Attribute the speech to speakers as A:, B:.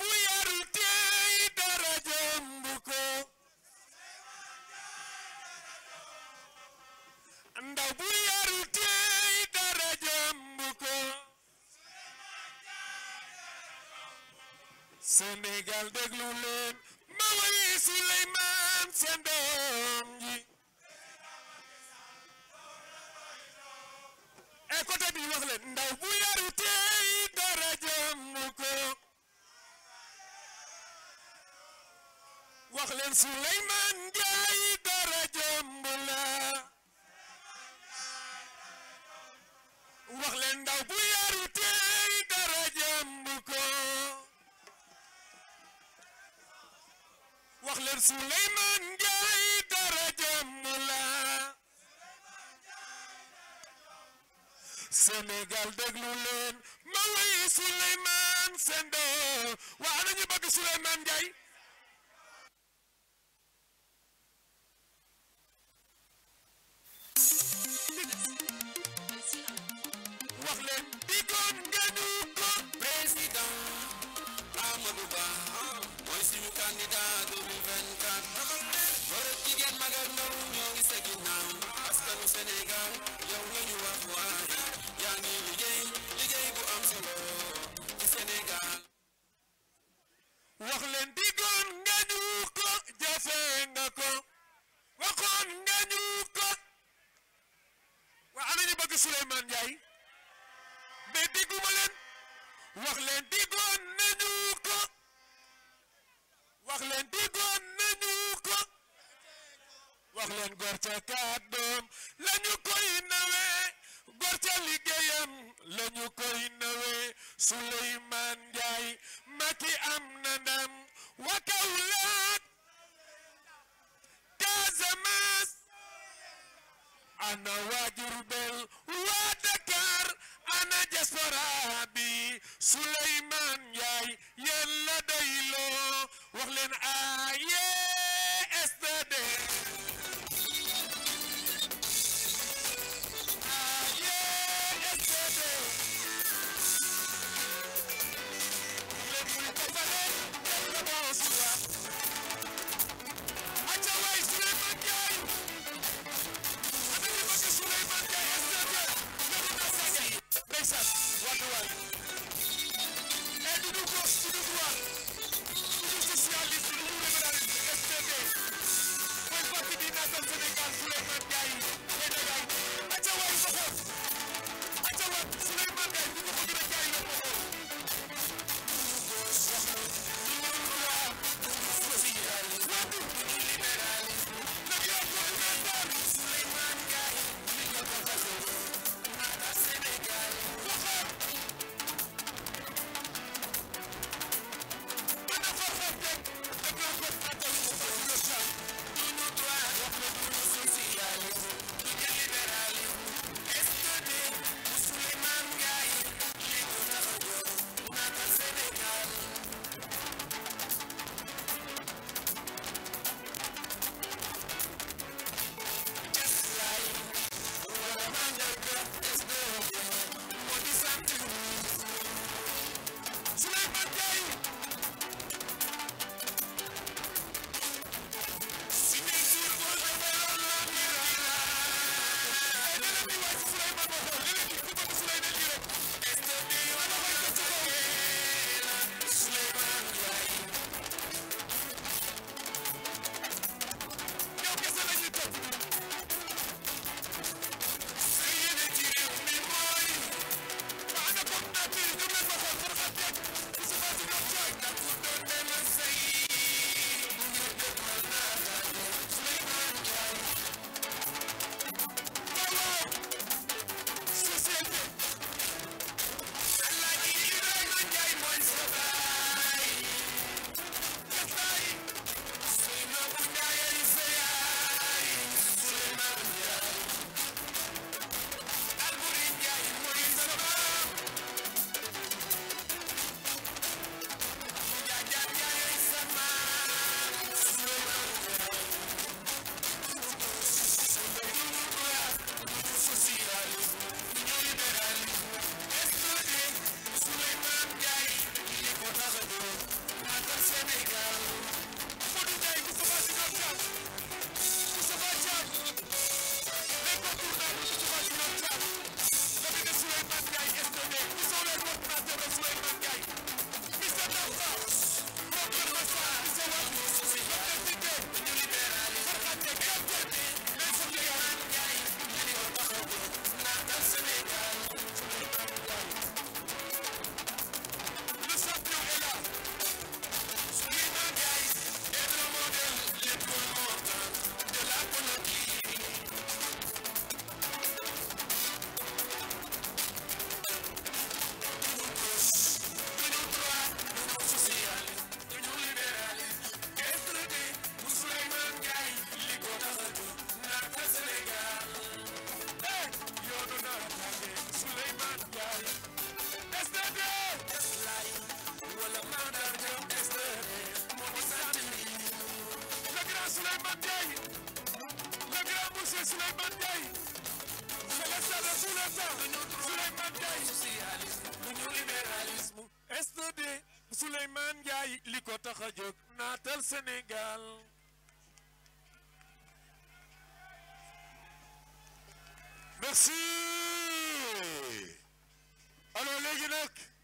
A: bu yaru tey dara jombu ko ndaw bu yaru tey dara jombu ko Sénégal déglu leen ma wayi Souleymane seen doom ji e côté bi wax leen ndaw bu wax leen Souleymane Njaay dara jëmb dara jëmb wax leen Souleymane Njaay dara jëmb la Sénégal leen ma woy Souleymane Sendo waa ana ñu bëgg Souleymane Njaay li des wax leen
B: digoon nga ñu ko président Amadou Ba mooy suñu candidat 2024 góor jigéen mag ak ndaw ñoo ngi sa Sénégal
A: Souleymane Ndiaye mais dégguma leen wax leen déggoon nañu ko wax leen déggoon nañu ko wax leen gor ca kàddoom la ñu koy nawee gor ca liggéeyam la ñu koy nawee Souleymane Ndiaye Macky am na ndam wa Kaolack Casamance ana waa Jurbel diaspora bi Souleymane Ndiaye yéen la doyloo wax leen aye
B: Ndiaye le grand monsieur Souleymane
A: Ndiaye c'est le stade sous le li ko tax a jóg naatal merci alors
B: léegi